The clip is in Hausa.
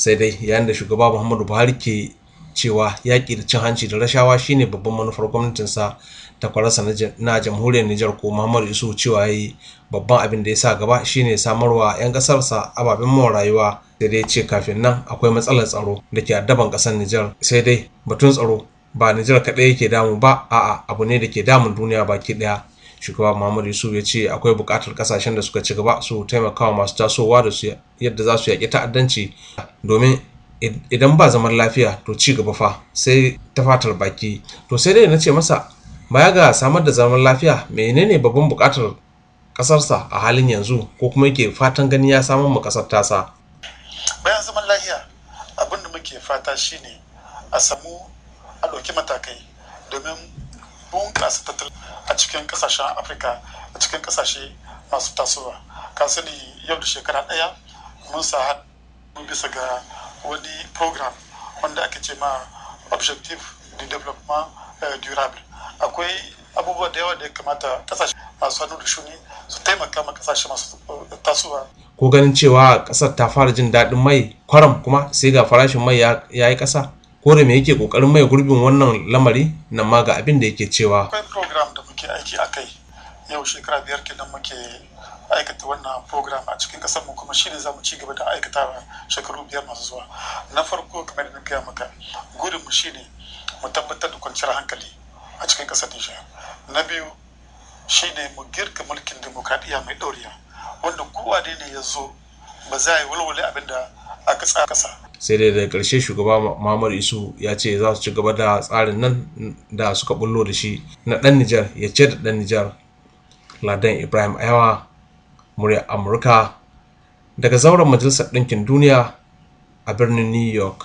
sai dai yayin da shugaba muhammadu buhari ke cewa yaƙi da cin hanci da rashawa shine babban manufar gwamnatinsa ta kwararsa na jamhuriyar nijar ko muhammadu isu cewa yi babban abin da ya sa gaba shine samarwa 'yan ƙasarsa ababen mawa rayuwa sai dai ce kafin nan akwai matsalar tsaro da ke addaban ƙasar nijar sai dai batun tsaro ba nijar kaɗai yake damu ba a'a abu ne da ke damun duniya baki ɗaya shugaba muhammad yusuf ya ce akwai buƙatar ƙasashen da suka ci gaba su taimakawa masu tasowa da su yadda za su yaƙi ta'addanci domin idan ba zaman lafiya to ci gaba fa sai ta fatar baki to sai dai na ce masa baya ga samar da zaman lafiya menene babban buƙatar ƙasarsa a halin yanzu ko kuma yake fatan gani ya samar mu ƙasar tasa bayan zaman lafiya abin da muke fata shine a samu a ɗauki matakai domin bunƙasa tattalin a cikin ƙasashen afirka a cikin ƙasashe masu tasowa ka sani yau da shekara ɗaya mun sa bisa ga wani program wanda ake ce ma objective de development eh, durable akwai abubuwa da yawa da ya kamata ƙasashe masu hannu da shuni su taimaka ma ƙasashe masu tasowa ko ganin cewa ƙasar ta fara jin daɗin mai kwaram kuma sai ga farashin mai ya yi ƙasa kore me yake kokarin mai gurbin wannan lamari nan ma ga abin da yake cewa akwai program da muke aiki a kai yau shekara biyar kenan muke aikata wannan program a cikin kasar mu kuma shine zamu ci gaba da aikata shekaru biyar masu zuwa na farko kamar da gaya maka gurin mu shine mu tabbatar da kwanciyar hankali a cikin kasar Nijar na biyu shine mu girka mulkin demokradiyya mai ɗoriya wanda kowa ne ya zo ba za a yi walwale abin da a ƙasa. sai dai daga ƙarshe shugaba Muhammadu Isu ya ce za su ci gaba da tsarin nan da suka bullo da shi na ɗan Nijar ya ce da ɗan Nijar Ladan Ibrahim Ayawa murya Amurka daga zauren Majalisar Ɗinkin Duniya a birnin New York.